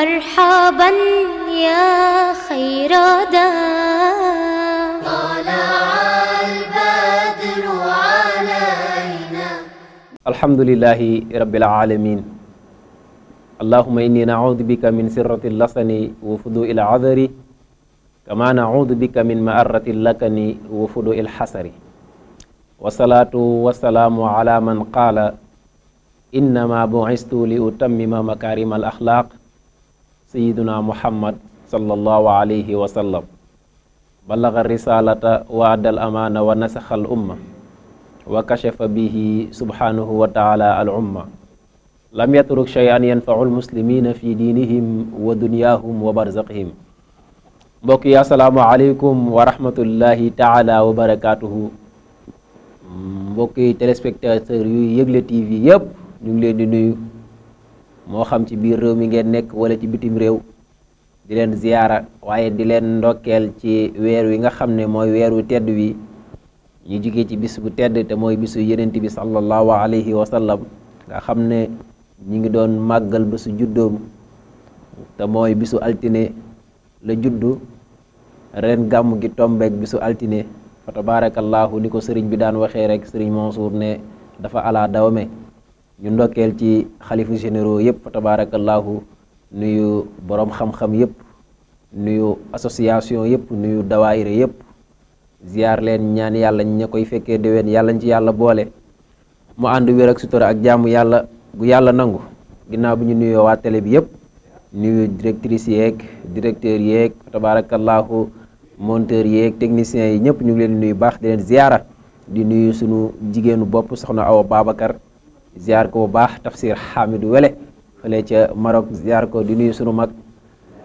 مرحبا يا خير دار طلع البدر علينا الحمد لله رب العالمين اللهم إني نعوذ بك من سرة اللسن وفضوء العذر كما نعوذ بك من مأرة اللكن وفضوء الحسر والصلاة والسلام على من قال إنما بعثت لأتمم مكارم الأخلاق سيدنا محمد صلى الله عليه وسلم بلغ الرسالة وعد الأمانة ونسخ الأمة وكشف به سبحانه وتعالى العمة لم يترك شيئا ينفع المسلمين في دينهم ودنياهم وبرزقهم mbokk yi asalaamaaleykum wa rahmatullahi الله wa barakaatuhu mbokk yi téléspectateur yu يب TV yëpp ñu mo xam ci biir rew mi ngeen nekk wala ci bitim rew di len ziyara waye di len ndokel ci weer wi nga xamne ne mooy wu tedd wi ñu jige ci bis bu tedd te moy bisu yonent bi sallallahu alayhi wa sallam nga xamne ñi ngi doon màggal bisu juddoom te moy bisu altine la juddu ren gam gi ak bisu altine fa tabarakallah ni ko bi daan waxe rek serigne Mansour ne dafa ala dawme ñu ndokkeel ci xalifu généraux yëpp tabaarakallaahu nuyu boroom xam-xam yëpp nuyu association yëpp nuyu dawaayira yëpp ziyaar leen ñaan yàlla ña koy fekkee déwén yàllañ ci yàlla boole mu ànd wér ak sutura ak jàmm yàlla gu yàlla nangu ginnaaw bi ñu nuyoo waa télé bi yëpp nuyu directrice yeeg directeur yeeg tabaarakallaahu monteur yeeg techniciens yi ñëpp ñu ngi leen nuyu baax di leen ziyaara di nuyu sunu jigéenu bopp soxna Awa Babacar ziar ko bax tafsir hamidu Wele fele marok Maroc ziar ko di nuyu sunu mak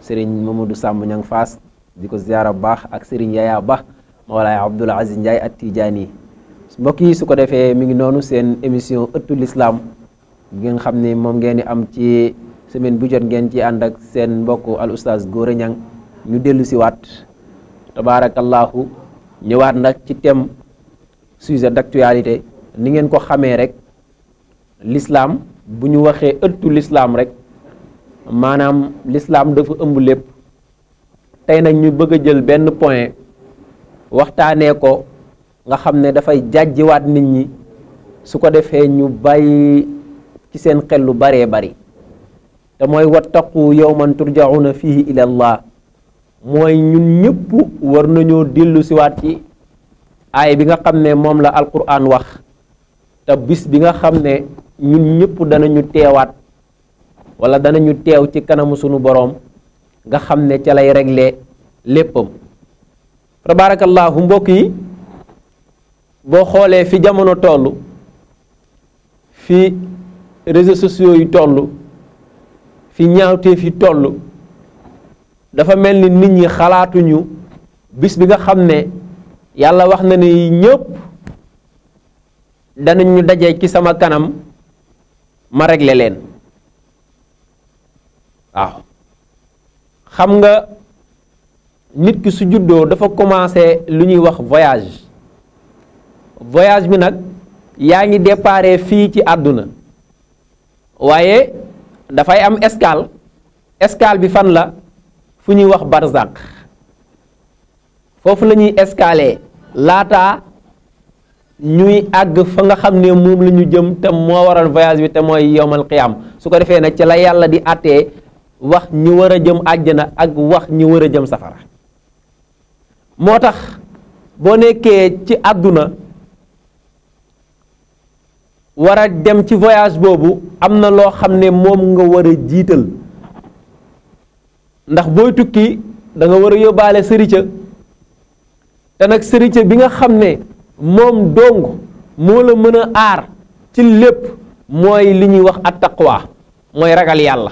serigne Mamadou sambu Ñang fas diko ko bax ak serigne Yaya Ba Mawlaay abdul Aziz Ndiaye at Tijaani mbokk yi suko defé mi ngi nonu sen émission ëttu l'islam ngeen xam mom ngeen am ci semaine bu jot ngeen ci andak sen mbokk al oustaz gore ñang ñu dellu si waat tabaarakallaahu ñëwaat nak ci thème sujet d'actualité ni ngeen ko xamé rek l'islam buñu waxé waxee Islam rek manam l'islam dafa ëmb lepp tay nak ñu bëgg jël ben point waxtané ko nga da fay jajji waat nit ñi su ko defee ñu bayyi ci seen xel lu bari bari te moy wattaqu yawman turjauna fihi ila allah moy ñun ñëpp war nañoo dellu waat ci ay bi nga xamné mom la alquran wax te bis bi nga xam ne ñun ñëpp danañu teewaat wala ñu teew ci kanamu sunu boroom nga xam ne ca lay régler léppam tabaarakallaahu mbokk yi boo xoolee fi jamono toll fi réseaux sociaux yi toll fi ñaawteef yi toll dafa mel ni nit ñi xalaatuñu bis bi nga xam ne yàlla wax na ne ñëpp danañ ñu daje ci sama kanam ma réglé leen waaw xam nga nit ki su juddoo dafa commencé lu ñuy wax voyage voyage bi nag yaa ngi déparé fii ci àdduna waaye dafay am escale escale bi fan la fu ñuy wax barzak foofu lañuy ñuy laata ñuy àgg fa nga xam ne moom la ñu jëm te moo waral voyage bi te mooy yowmal qiyaam su ko defee nag ci la yàlla di àttee wax ñi war a jëm àjjana ak wax ñi war a jëm safara moo tax boo nekkee ci àdduna war dem ci voyage boobu am na loo xam ne moom nga war a jiital ndax booy tukki danga nga war a yóbbaale sëricë te nag sëricë bi nga xam ne moom dong moo la mën a aar ci lépp mooy li ñuy wax at taqwa mooy ragal yàlla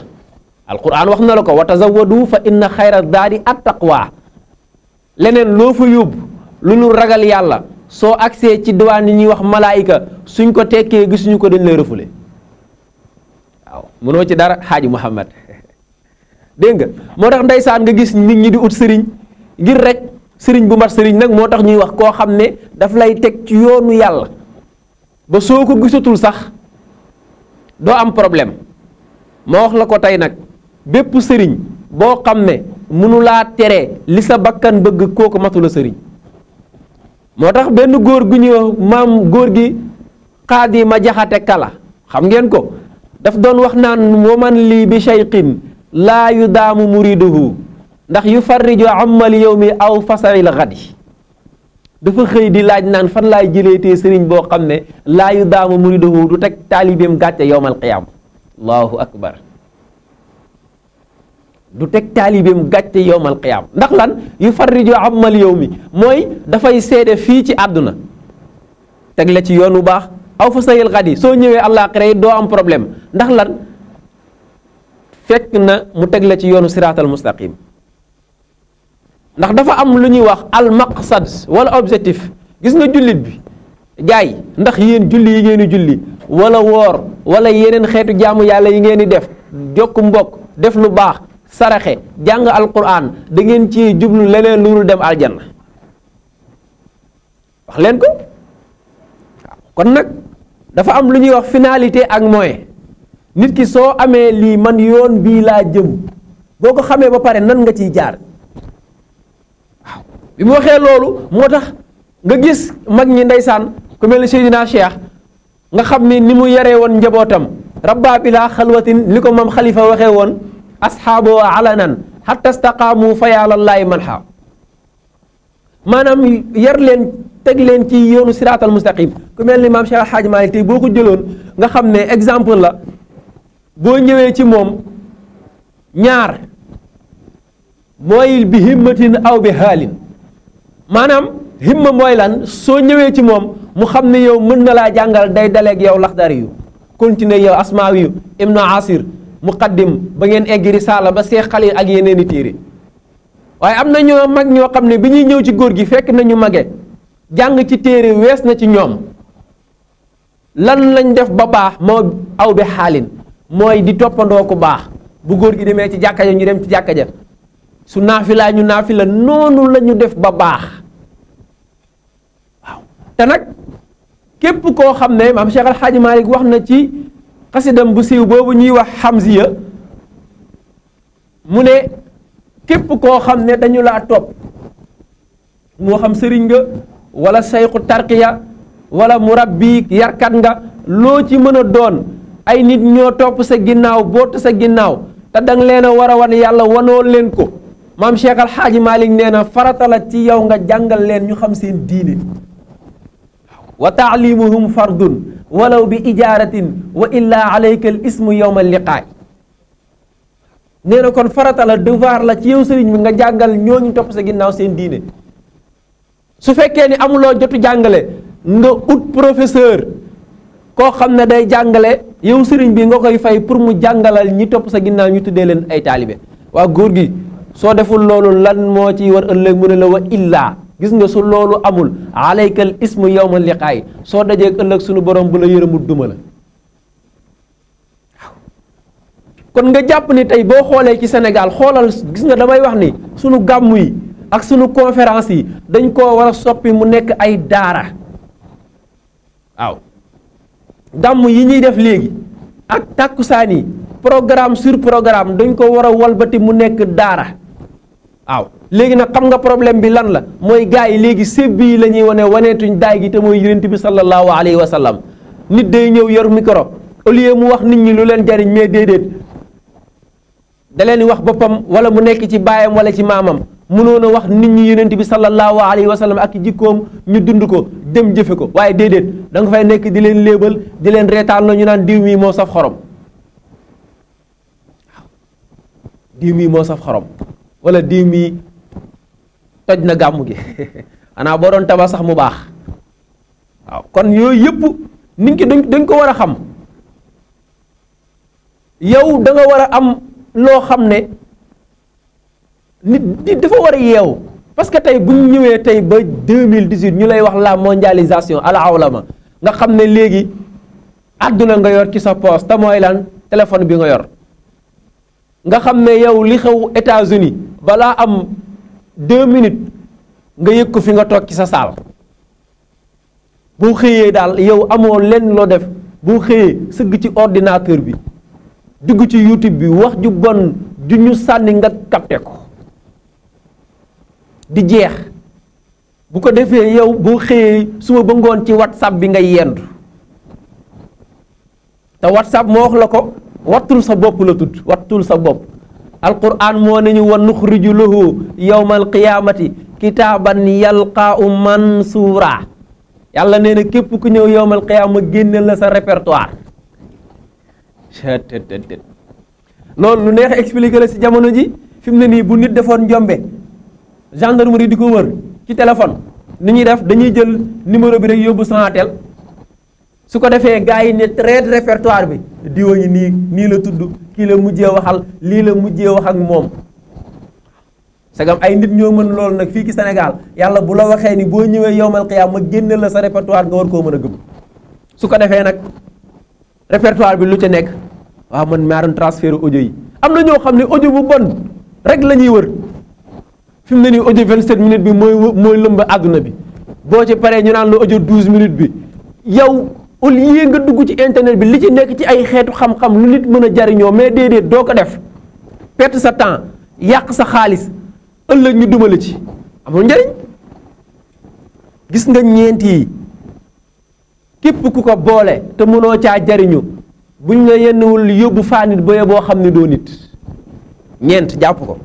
alquran wax na la ko wa tazawadu fa inna xayra daadi at taqwa leneen loo fa yóbbu lu ñu ragal yàlla soo agsee ci diwaan yi ñuy wax malaayika suñ ko tekkee gisuñu ko dañ lay refule waaw mënoo ci dara xaaji muhammad dégg nga moo tax ndeysaan nga gis nit ñi di ut sëriñ ngir rek Sering bu sering sëriñ nak motax ñuy wax ko xamne ne daf lay tek ci yoonu yalla ba soko sax do am problème mo wax la ko tay nak bepp sëriñ bo xamne ne la tere li sa bakkan bëgg koku matula sëriñ moo tax benn goor gu ñuy wax maam gi qadi ma jaxate kala xam ngeen ko daf doon wax naan waman li bi shayqin la yudamu muriduhu ndax yu farriju amal yawmi aw fasari ghadi xadi dafa xëy di laaj nan fan lay jëleetee sëriñ boo xam ne laa yu daama muridahu du teg taalibeem gàcce yowmal qiyam allahu akbar du teg taalibeem gàcce yowmal qiyam ndax lan yu farriju amal yawmi moy da fay sede fi ci aduna tek la ci yoon bax aw aw ghadi so ñewé allah àllaaxira do am problème ndax lan fekk na mu teg la ci yoonu siratal mustaqim ndax dafa am lu ñuy wax al maqsad wala objectif gis nga jullit bi gaay ndax yéen julli yi ngeen di julli wala woor wala yeneen xeetu jàmm yàlla yi ngeen di def jokk mbokk def lu baax saraxe jàng alquran da ngeen ci jublu leneen lu dem aljanna wax leen ko kon nag dafa am lu ñuy wax finalité ak moyen nit ki soo amee lii man yoon bii laa jëm boo ko xamee ba pare nan nga ciy jaar bi mu waxee loolu moo tax nga gis mag ñi ndeysaan ku mel ni Seydina Cheikh nga xam ni ni mu yaree woon njabootam rabbaa bilaa xalwatin li ko moom xalifa waxee woon asxaaboo alanan xatta staqaamu fayaalallaahi manxa maanaam yar leen teg leen ci yoonu siraatal mustaqim ku mel ni maam Cheikh Al Hadj Malick tey boo ko jëloon nga xam ne exemple la boo ñëwee ci moom ñaar mooy bi himmatin aw bi haalin maanaam himma mooy lan soo ñëwee ci moom mu xam ne yow mën na laa jàngal day daleeg yow laxdari yu continuer yow asmaawi yu ibnu asir muqaddim ba ngeen egg risaala ba seex xalil ak yeneeni téere waaye am na ñoo mag ñoo xam ne bi ñuy ñëw ci góor gi fekk nañu mage jàng ci téere wees na ci ñoom lan lañ def ba baax moo aw bi xaalin mooy di toppandoo ku baax bu góor gi demee ci jàkka ja ñu dem ci jàkka ja su nafila ñu nafila nonu lañu def ba baax waaw te nak képp ko xam ne Cheikh Al Hadj Malick wax na ci qasidam bu siw bobu ñi wax Hamziya mu ne képp koo xam dañu la top mo xam sëriñ nga wala shaykhu tarqiya wala murabbi yarkat nga lo ci doon ay nit ñoo top sa ginnaw boot sa ginnaw ta dang leena wara wan yalla wanoo leen ko maam Cheikh Al Hadji malik neena farata la ci yow nga jangal len ñu xam seen diine wa ta'limuhum fardun walaw bi ijaratin wa illa alayka al ismu yawm al liqa neena kon farata la devoir la ci yow sëriñ bi nga jàngal ñooñu top sa ginnaw seen diine su fekke ni amuloo jottu jangale nga out professeur ko xamne day jangale yow serigne bi nga koy fay pour mu jangalal ñi top sa ginnaw ñu tuddee ay talibé wa gi so deful loolu lan mo ci war ëllëg mu ne la wa illa gis nga su amul alaykal ismu yau so dajje ak ëllëg suñu borom bu la yërëmul duma la kon nga japp ni tay bo xoolee ci senegal xolal gis nga damay wax ni sunu gamu yi ak suñu conférence yi dañ ko wara soppi mu nekk ay daara aw gàmm yi ñi def legi ak takusani programme sur programme dañ ko wara walbati mu nekk daara waaw léegi nag xam nga problème bi lan la mooy gars yi léegi sëb yi la ñuy wane waneetuñ daay gi te mooy yonent bi sallallahu alayhi wa sallam nit day ñëw yoru micro au mu wax nit ñi lu leen jariñ mais déedéet da leen di wax boppam wala mu nekk ci baayam wala ci maamam mënoon a wax nit ñi yonent bi sallallahu alayhi wa sallam ak jikkoom ñu dund ko dem jëfe ko waaye déedéet danga nga fay nekk di leen léebal di leen reetaan la ñu naan diw mii moo saf xorom diw mii moo saf xorom wala diw mi toj na gàmm gi xanaa boo doon tabax sax mu baax waaw kon yooyu yëpp nit ki dañ ko war a xam yow da nga war a am loo xam ne nit nit dafa war a yeewu parce que tey bu ñu ñëwee tey ba 2018 ñu lay wax la mondialisation ala ma nga xam ne léegi àdduna nga yor ci sa poos te mooy lan téléphone bi nga yor nga xam yow li xew États-Unis bala am 2 minutes nga kufinga fi nga tok ci sa sal bu xeyé dal yow amo lenn lo def bu xeyé seug ci ordinateur bi dugg ci YouTube bi wax ju bon du ñu sanni nga capté ko di jeex bu ko defé yow bu xeyé suma ba ngoon ci WhatsApp bi nga yendu ta WhatsApp mo wax lako wattul sa bop la tud wattul sa bop alquran mo ne wa nukhriju lahu yawmal qiyamati kitaban yalqaahu mansuura yàlla nee na képp ku ñew yawmal qiyamah génne la sa chatatatat loolu lu neex expliquer la ci jamono ji fimne ni bu nit defoon njombe gendarmerie diko wër ci téléphone ni def dañuy jël numéro bi rek yóbbu Sonatel su ko defee gars yi ne traite répertoire bi diwa ngi nii nii la tudd kii la mujjee waxal lii la mujjee wax ak moom sagam ay nit ñoo mën loolu nag fii ci Sénégal yàlla bu la waxee ni boo ñëwee yowmal qiyam ma génne la sa répertoire nga war koo mën a gëm su ko defee nag répertoire bi lu ca nekk waaw man maa doon transfert audio yi am na ñoo xam ne audio bu bon rek la ñuy wër fi mu ne nii audio 27 minutes bi mooy mooy lëmb àdduna bi boo ci paree ñu naan la audio 12 minutes bi yow. au lieu nga dugg ci internet bi li ci nekk ci ay xeetu xam-xam lu nit mën a jariñoo mais déedéet doo ko def perte sa temps yàq sa xaalis ëllëg ñu dumale ci amul njariñ gis nga ñeent yi képp ku ko boole te mënoo caa jariñu buñ la yenniwul yóbbu faanit ba boo xam ne doo nit ñeent jàpp ko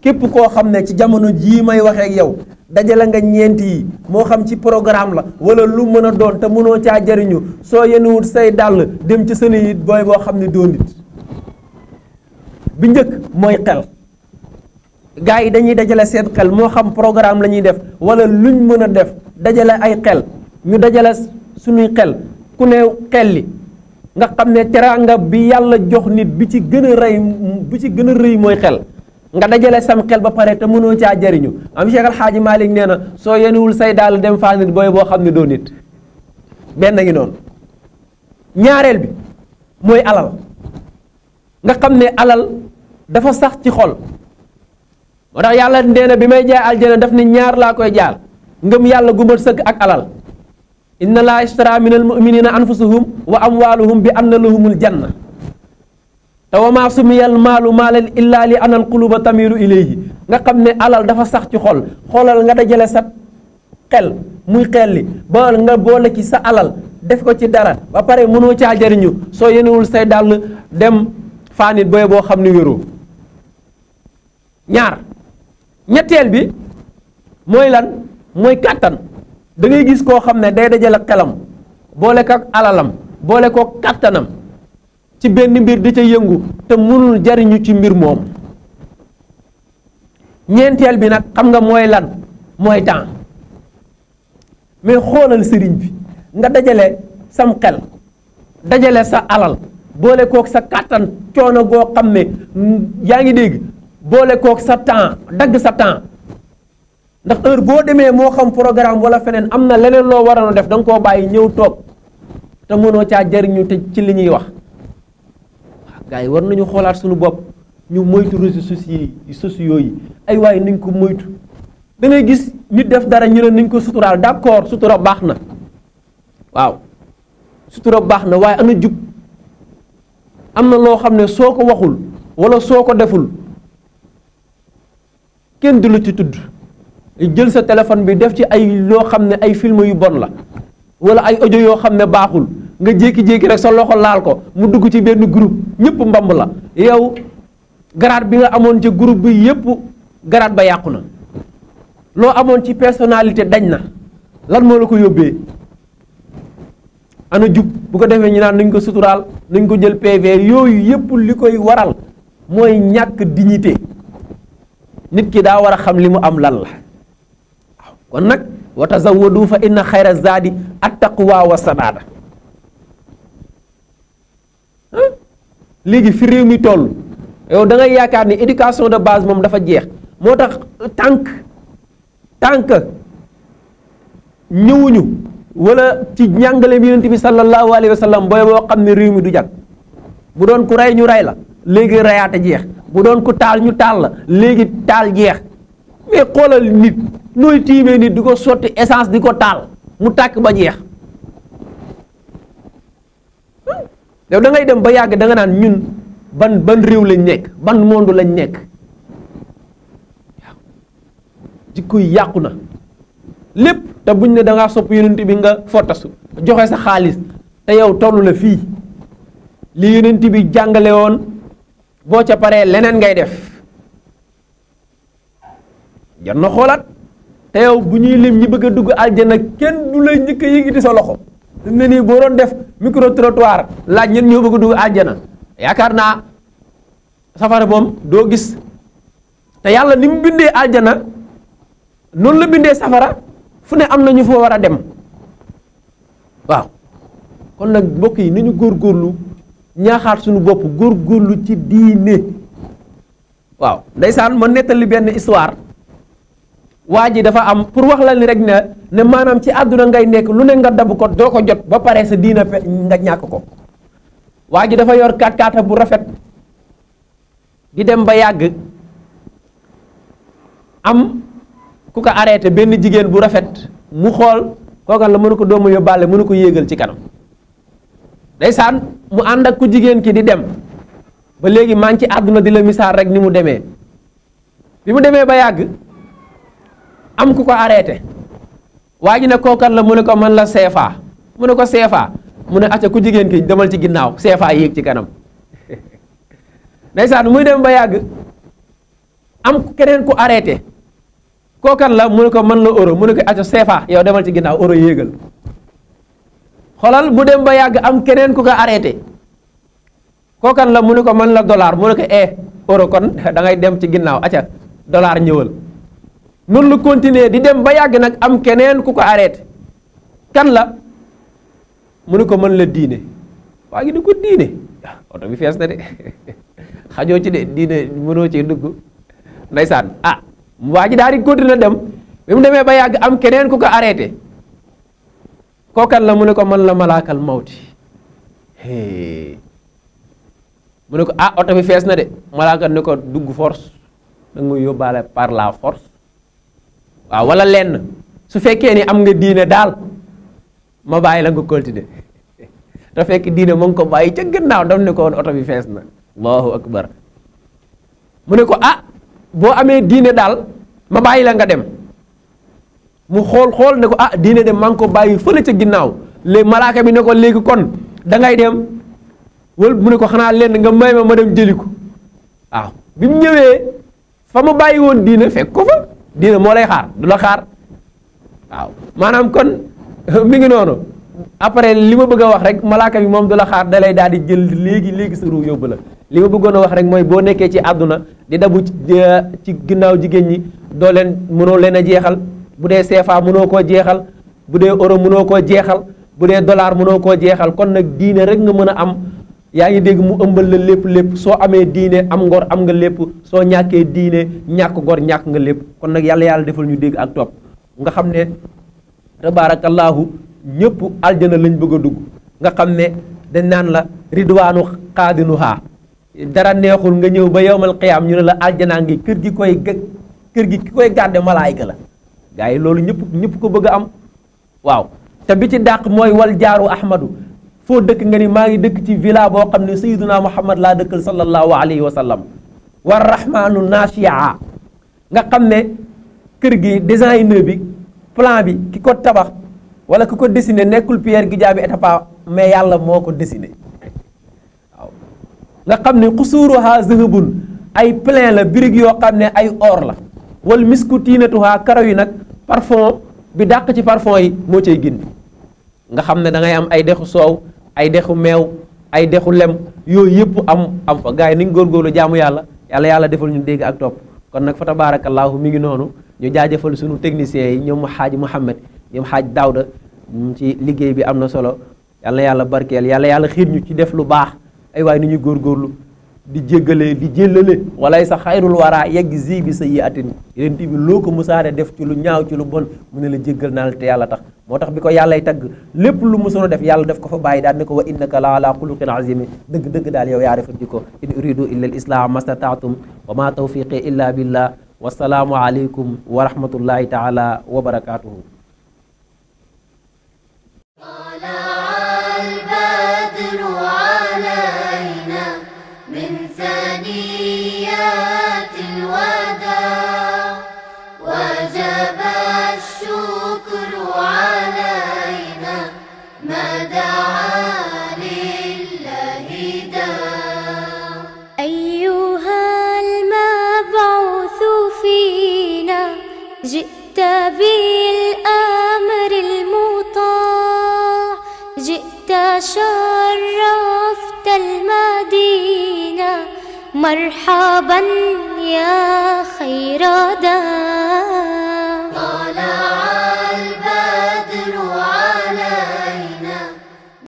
képp koo xam ne ci jamono ji may waxee yow dajale nga ñeent yi moo xam ci programme la wala lu mën a doon te mënoo caa jariñu soo yenuwut say dàll dem ca sëni it booy boo xam ne doo nit bi njëkk mooy xel gars yi dañuy dajale seen xel moo xam programme la ñuy def wala luñ mën a def dajale ay xel ñu dajale suñuy xel ku ne xel li nga xam ne teraanga bi yàlla jox nit bi ci gën a rey bi ci gën a rëy mooy xel nga dajale sam xel ba pare te mënoo caa jariñu am Cheikh Alxaaji Malik nee na soo yenuwul say daal dem faa nit booy boo xam ne doo nit benn ngi noonu ñaareel bi mooy alal nga xam ne alal dafa sax ci xol moo tax yàlla nee na bi may jaay aljana daf ne ñaar laa koy jaal ngëm yàlla gu mat ak alal inna laa ishtara min al muminina anfusuhum wa amwaluhum bi anna lahumul janna te wama sumiyal maalu maalan illaa li anal quluba tamiru ilayhi nga xam ne alal dafa sax ci xol xoolal nga dajale sa xel muy xel li ba nga boole ci sa alal def ko ci dara ba pare mënoo caa jariñu soo yenewul say dàll dem faanit booy boo xam ne wéroo ñaar ñetteel bi mooy lan mooy kàttan dangay gis koo xam ne day dajale xelam boole ko ak alalam boole ko kàttanam ci benn mbir di ca yëngu te mënul jariñu ci mbir moom ñeenteel bi nag xam nga mooy lan mooy temps mais xoolal sëriñ bi nga dajale sam xel dajale sa alal boole kook sa kàttan coono goo xam ne yaa ngi dégg boole kook sa temps dagg sa temps ndax heure boo demee moo xam programme wala feneen am na leneen loo waroon a def da nga koo bàyyi ñëw toog te mënoo caa jariñu te ci li ñuy wax gars yi war nañu xoolaat suñu bopp ñu moytu réseaux sociaux yi ay waaye niñ ko moytu dangay gis ñu def dara ñu ne nañ ko suturaal d'accord sutura baax na waaw sutura baax na waaye ana jub am na loo xam ne soo ko waxul wala soo ko deful kenn du la ci tudd jël sa téléphone bi def ci ay loo xam ne ay film yu bon la wala ay audio yoo xam ne baaxul nga jékki-jékki rek sa loxo laal ko mu dugg ci benn groupe ñëpp mbamb la yow grade bi nga amoon ca groupe bi yëpp grade ba yàqu na loo amoon ci personnalité dañ na lan moo la ko yóbbee ana jub bu ko defee ñu naan nañ ko suturaal nañ ko jël PV yooyu yëpp li koy waral mooy ñàkk dignité nit ki daa war a xam li mu am lan la waaw kon nag wa du fa inna xayra zaadi at taqwa wa sabaada léegi fi réew mi toll yow da ngay yaakaar ni éducation de base moom dafa jeex moo tax tànk tànk ñëwuñu wala ci njàngaleem yonent bi sallallahu alayhi wa sallam booy boo xam ne réew mi du jag bu doon ku rey ñu rey la léegi reyaate jeex bu doon ku taal ñu taal la léegi taal jeex mais xoolal nit nooy tiimee nit di ko sotti essence di ko taal mu ba jeex yow dangay dem ba yàgg danga naan ñun ban ban réew lañ nekk ban monde lañ nekk waaw jikko yi yàqu na lépp te buñ ne da ngaa sopp yonent bi nga fottasu joxe sa xaalis te yow tollu la fii li yonent bi jàngale woon boo ca paree leneen ngay def jar na xoolaat te yow bu ñuy lim ñi bëgg a dugg aljana kenn du lay njëkk a yëngati sa loxo fi mu ne nii boo doon def micro laaj ñen ñoo bëgg a dugg àjjana yaakaar naa safara moom doo gis te yàlla ni mu bindee àjjana noonu la bindee safara fu ne am na ñu fa war a dem waaw kon nag mbokk yi nañu góorlu ñaaxaat suñu bopp góor góorgóorlu ci diine waaw ndeysaan ma nettali benn histoire waa ji dafa am pour wax la ni rek ne ne maanaam ci àdduna ngay nekk lu ne nga dab ko doo ko jot ba pare sa diina fe nga ñàkk ko waa ji dafa yor kaat bu rafet di dem ba yàgg am ku ko arrêté benn jigéen bu rafet mu xool kookan la mënu ko dooma yóbbaale mënu ko yéegal ci kanam ndeysaan mu ànd ak ku jigéen ki di dem ba léegi maa ngi ci àdduna di la misaal rek ni mu demee bi mu demee ba yàgg am ku ko arrêté waa ji ne kookan la mu ne ko man la CFA mu ne ko CFA mu ne acca ku jigéen ki demal ci ginnaaw CFA yéeg ci kanam ndeysaan muy dem ba yàgg am keneen ku arrêté kookan la mu ne ko man la euro mu ne ko acca yow demal ci ginnaaw euro yéegal xolal mu dem ba yàgg am keneen ku ko arrêté kookan la mu ne ko man la dollar mu ne ko eh euro kon da ngay dem ci ginnaaw acca dollar ñëwal non lu continuer di dem ba yag nak am keneen kuko arrêté kan la mu ko man la diiné waa ngi ni ko diine ah, bi fess na de xajo ci dé diiné mëno ci dugg ndaysan ah waa ji daal di continuer dem bimu démé ba yag am keneen arrêté ko kan la mu ko man la malakal mawti mu ne ko ah auto bi fess na dé malaaka ne ko dugg force da nga yobale par la force waaw wala lenn su fekkee ni am nga diine daal ma bàyyi la nga continuer te fekk diine mu ngi ko bàyyi ca gannaaw dam ne ko woon oto bi fees na allahu akbar mu ne ko ah, boo amee diine daal ma bàyyi la nga dem mu xool xool ne ko ah diine dem maa ngi ko fële ca ginnaaw léegi malaaka bi ne ko léegi kon dangay dem wala mu ne ko xanaa lenn nga may ma ma dem jëli ko waaw bi mu ñëwee fa ma bàyyi woon diine fekk ko fa diine moo lay xaar du la xaar waaw maanaam kon mi ngi noonu après li ma bëgg a wax rek malaaka bi moom du la xaar da lay daal di jël léegi léegi sa yóbbu la li ma bëggoon a wax rek mooy boo nekkee ci àdduna di dabu ci ginnaaw jigéen ñi doo leen mënoo leen a jeexal bu dee CFA mënoo koo jeexal bu dee euro mënoo koo jeexal bu dee dollar mënoo koo jeexal kon nag diine rek nga mën a am yaa ngi dégg mu ëmbal la lépp lépp soo amee diine am ngor am nga lépp soo ñàkkee diine ñàkk ngor ñàkk nga lépp kon nag yàlla yàlla defal ñu dégg ak topp nga xam ne tabaarakallaahu ñëpp aljana lañ bëgg a dugg nga xam ne dañ naan la ridwaanu xaadinuhaa dara neexul nga ñëw ba yowmal qiyaam ñu ne la aljanaa ngi kër gi koy kër gi ki koy gàdde malaayika la gars yi loolu ñëpp ñëpp ko bëgg a am waaw te bi ci dàq mooy wal jaaru ahmadu foo dëkk nga ni maa ngi dëkk ci villa boo xam ne sayyiduna muhammad laa dëkkal sallallahu alayhi wa sallam war rahmaanu naasiyaa nga xam ne kër gi designer bi plan bi ki ko tabax wala ki ko dessiné nekkul Pierre Goudiaby Atepa mais yàlla moo ko dessiné nga xam ne xusuuruha zahabun ay plein la birig yoo xam ne ay or la wal misku tiinatuha karaw yi nag parfum bi dàq ci parfum yi moo cay gindi nga xam ne dangay am ay dexu soow ay dexu meew ay dexu lem yooyu yëpp am am fa gars yi góor góorgóorlu jaamu yàlla yàlla yàlla defal ñu dégg ak topp kon nag fa tabaarakallaahu mi ngi noonu ñu jaajëfal suñu technicien yi ñoom xaaj Mouhamed ñoom xaaj Daouda ci liggéey bi am na solo yàlla yàlla barkeel yàlla yàlla xiir ñu ci def lu baax ay waay nu ñuy góor góorlu di jéggalee di jéllale walay sa xayrul waraa yegg zi sa yi atin yonent bi loo ko musaane def ci lu ñaaw ci lu bon mu ne la jéggal naa la te yàlla tax moo tax bi ko yàllay tagg lépp lu musoon a def yàlla def ko fa bàyyi daal ne ko wa innaka la ala xuluqin azimi dëgg dëgg daal yow yaa rafet jikko in uridu illa al islaam mastataatum wa ma tawfiqi illa billah wasalaamu aleykum wa rahmatullahi taala wa barakatuhu مرحبا يا خير دار